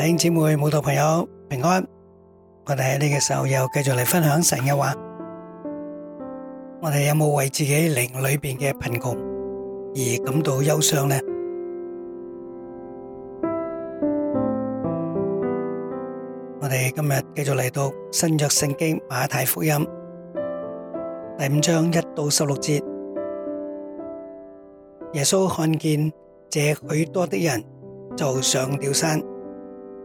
弟兄姊妹、信徒朋友平安，我哋喺呢個時候又繼續嚟分享神嘅話，我哋有冇為自己靈裏邊嘅貧窮而感到憂傷呢？我哋今日繼續嚟到新約聖經馬太福音第五章一到十六節，耶穌看見這許多的人，就上了山。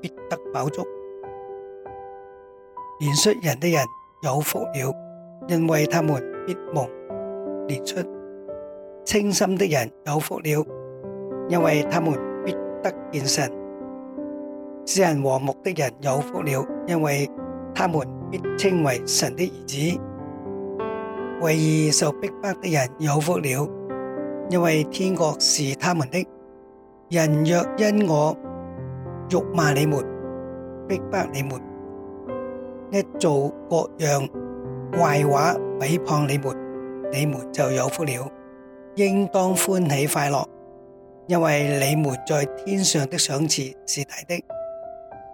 必得飽足，憐恤人的人有福了，因為他們必蒙憐恤；清心的人有福了，因為他們必得見神；使人和睦的人有福了，因為他們必稱為神的兒子；為義受逼迫的人有福了，因為天國是他們的。人若因我辱罵你們，逼迫你們，一做各樣壞話誹謗你們，你們就有福了。應當歡喜快樂，因為你們在天上的賞賜是大的。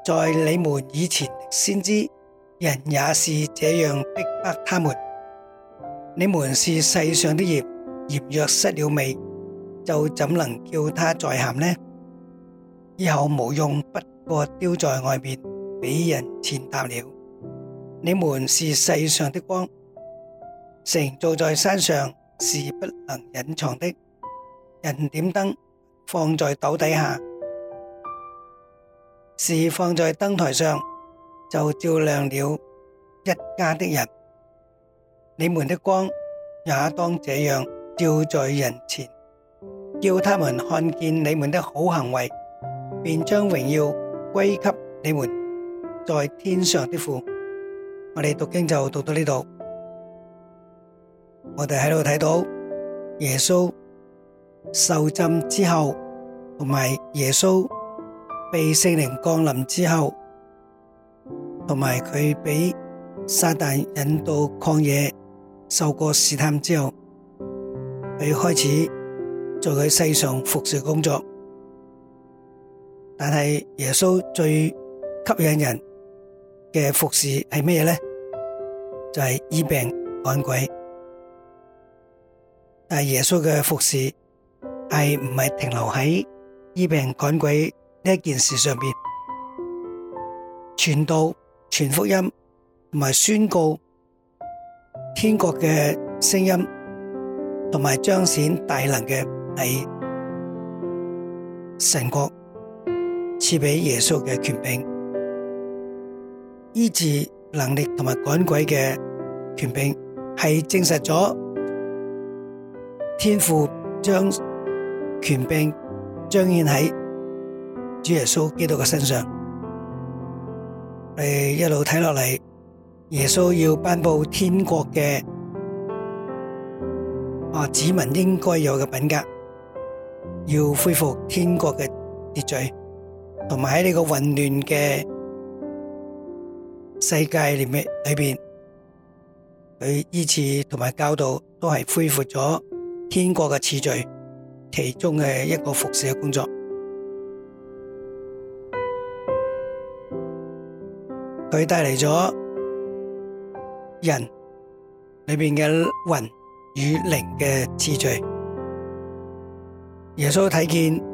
在你們以前先知人也是這樣逼迫他們。你們是世上的鹽，鹽若失了味，就怎能叫他再鹹呢？以後無用，不過丟在外面俾人踐踏了。你們是世上的光，城造在山上是不能隱藏的。人點燈放在斗底下，是放在燈台上，就照亮了一家的人。你們的光也當這樣照在人前，叫他們看見你們的好行為，便將榮耀歸給你們，在天上的父。我哋讀經就讀到呢度，我哋喺度睇到耶穌受浸之後，同埋耶穌被聖靈降臨之後，同埋佢俾撒旦引到曠野受過試探之後，佢開始做佢世上服侍工作。但係耶穌最吸引人嘅服侍係咩嘢咧？就係、是、醫病趕鬼。但係耶穌嘅服侍係唔係停留喺醫病趕鬼呢一件事上邊？傳道、傳福音同埋宣告天國嘅聲音，同埋彰顯大能嘅係神國。賜俾耶穌嘅權柄，醫治能力同埋趕鬼嘅權柄，係證實咗天父將權柄彰顯喺主耶穌基督嘅身上。我哋一路睇落嚟，耶穌要頒布天國嘅啊子民應該有嘅品格，要恢復天國嘅秩序。同埋喺呢個混亂嘅世界裏邊，裏邊佢依次同埋教導，都係恢復咗天國嘅次序，其中嘅一個服侍嘅工作。佢帶嚟咗人裏邊嘅魂與靈嘅次序。耶穌睇見。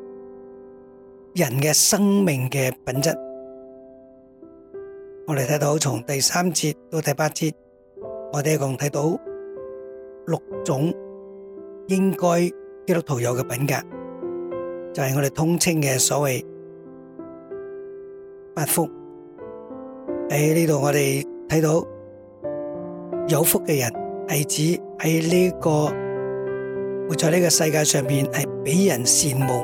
人嘅生命嘅品質，我哋睇到從第三節到第八節，我哋一共睇到六種應該基督徒有嘅品格，就係我哋通稱嘅所謂八福。喺呢度我哋睇到有福嘅人係指喺呢個活在呢個世界上面係俾人羨慕。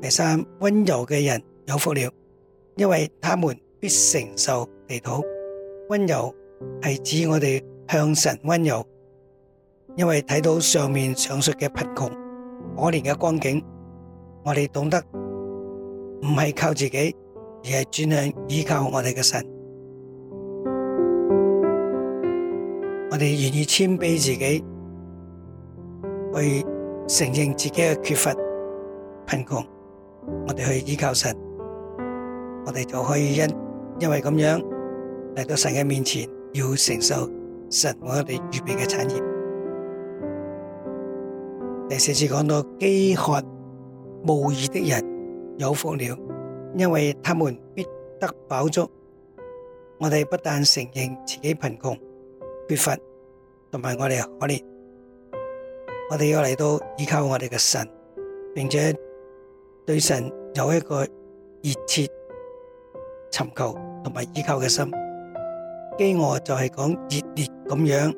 第三，溫柔嘅人有福了，因為他們必承受地土。溫柔係指我哋向神溫柔，因為睇到上面上述嘅貧窮、可憐嘅光景，我哋懂得唔係靠自己，而係轉向依靠我哋嘅神。我哋願意謙卑自己，去承認自己嘅缺乏、貧窮。我哋去依靠神，我哋就可以因因為咁樣嚟到神嘅面前，要承受神為我哋預備嘅產業。第四次講到饑渴慕義的人有福了，因為他們必得飽足。我哋不但承認自己貧窮、缺乏，同埋我哋可憐，我哋要嚟到依靠我哋嘅神，並且。對神有一個熱切尋求同埋依靠嘅心，飢餓就係講熱烈咁樣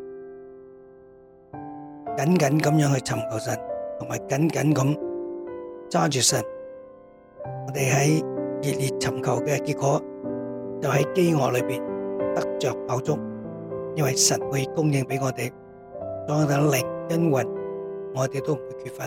緊緊咁樣去尋求神，同埋緊緊咁揸住神。我哋喺熱烈尋求嘅結果，就喺飢餓裏邊得着飽足，因為神會供應俾我哋所有嘅靈恩運，我哋都唔會缺乏。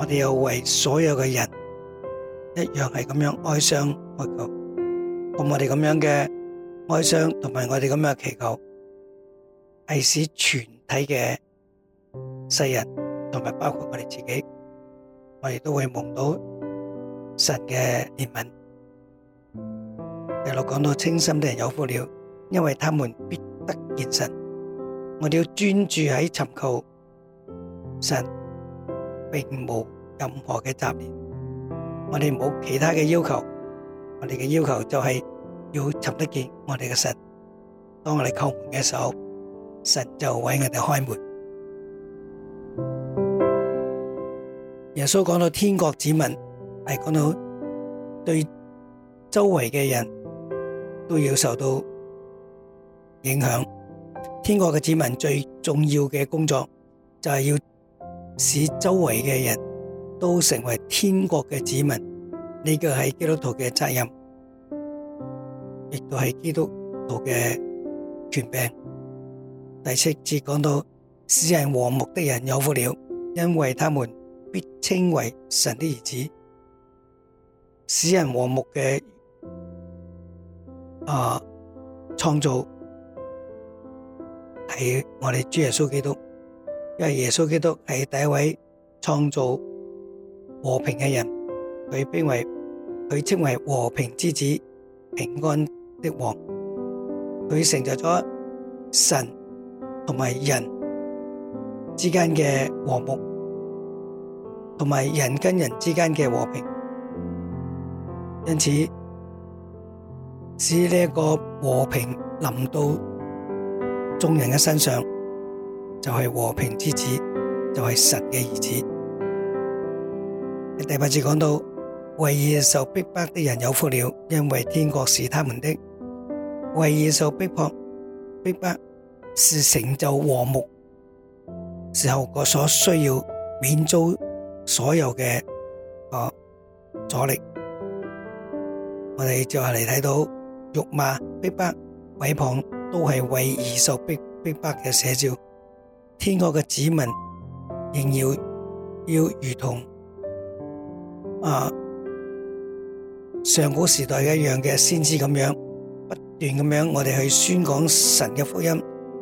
我哋要為所有嘅人一樣係咁樣哀傷哀求，咁我哋咁樣嘅哀傷同埋我哋咁樣嘅祈求，係使全體嘅世人同埋包括我哋自己，我哋都會蒙到神嘅憐憫。第六講到清心的人有福了，因為他們必得見神。我哋要專注喺尋求神。並冇任何嘅雜念，我哋冇其他嘅要求，我哋嘅要求就係要尋得見我哋嘅神。當我哋叩門嘅時候，神就為我哋開門。耶穌講到天國子民係講到對周圍嘅人都要受到影響。天國嘅子民最重要嘅工作就係要。使周圍嘅人都成為天國嘅子民，呢個係基督徒嘅責任，亦都係基督徒嘅權柄。第七節講到，使人和睦的人有福了，因為他們必稱為神的兒子。使人和睦嘅啊，創造係我哋主耶穌基督。因為耶穌基督係第一位創造和平嘅人，佢被為佢稱為和平之子、平安的王，佢成就咗神同埋人之間嘅和睦，同埋人跟人之間嘅和平，因此使呢個和平臨到眾人嘅身上。就係、是、和平之子，就係、是、神嘅兒子。第八節講到，為義受逼迫的人有福了，因為天國是他們的。為義受逼迫逼迫是成就和睦時候，各所需要免遭所有嘅哦、啊、阻力。我哋接下嚟睇到辱罵逼迫毀謗，都係為義受逼逼迫嘅寫照。天國嘅子民仍然要如同啊上古時代一樣嘅先知咁樣，不斷咁樣我哋去宣講神嘅福音，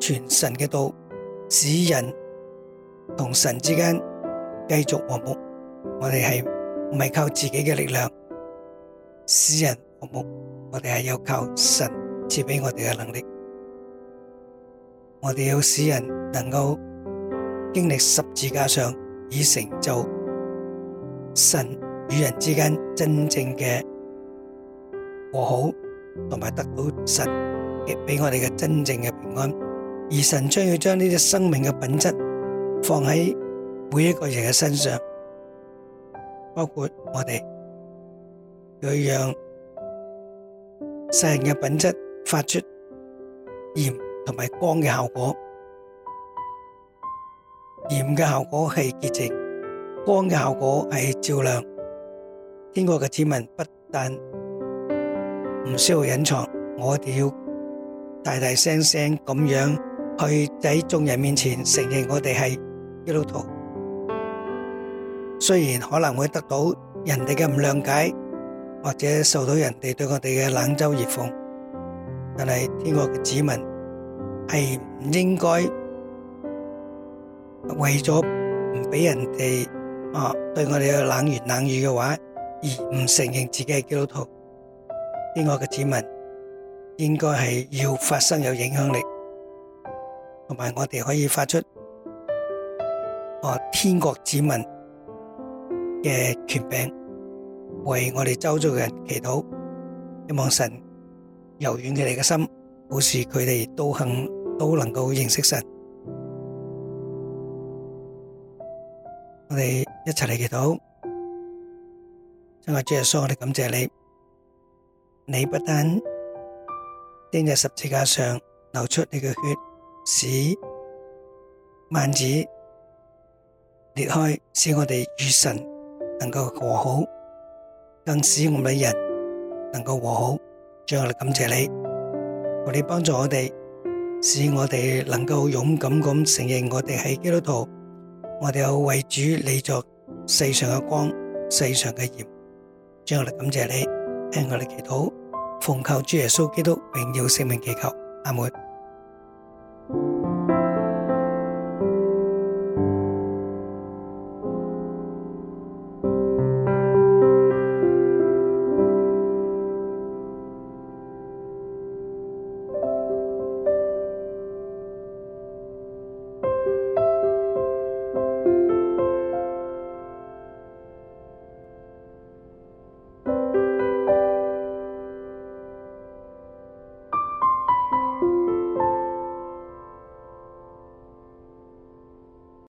傳神嘅道，使人同神之間繼續和睦。我哋係唔係靠自己嘅力量使人和睦？我哋係要靠神賜給我哋嘅能力，我哋要使人能夠。經歷十字架上，以成就神與人之間真正嘅和好，同埋得到神俾我哋嘅真正嘅平安。而神將要將呢啲生命嘅品質放喺每一個人嘅身上，包括我哋，去讓世人嘅品質發出鹽同埋光嘅效果。鹽嘅效果係潔淨，光嘅效果係照亮。天國嘅子民不但唔需要隱藏，我哋要大大聲聲咁樣去喺眾人面前承認我哋係基督徒。雖然可能會得到人哋嘅唔諒解，或者受到人哋對我哋嘅冷嘲熱諷，但係天國嘅子民係唔應該。為咗唔俾人哋啊，對我哋有冷言冷語嘅話，而唔承認自己係基督徒。天國嘅子民應該係要發生有影響力，同埋我哋可以發出啊天國子民嘅權柄，為我哋周遭嘅人祈禱，希望神柔軟佢哋嘅心，好使佢哋都肯都能夠認識神。我哋一齊嚟祈禱，親愛主耶穌，我哋感謝你。你不單喺十字架上流出你嘅血，使幔子裂開，使我哋與神能夠和好，更使我哋人能夠和好。最後嚟感謝你，你幫助我哋，使我哋能夠勇敢咁承認我哋喺基督徒。我哋有為主理作世上嘅光，世上嘅鹽。最後嚟，感謝你，聽我哋祈禱，奉靠主耶穌基督榮耀聖名，祈求，阿門。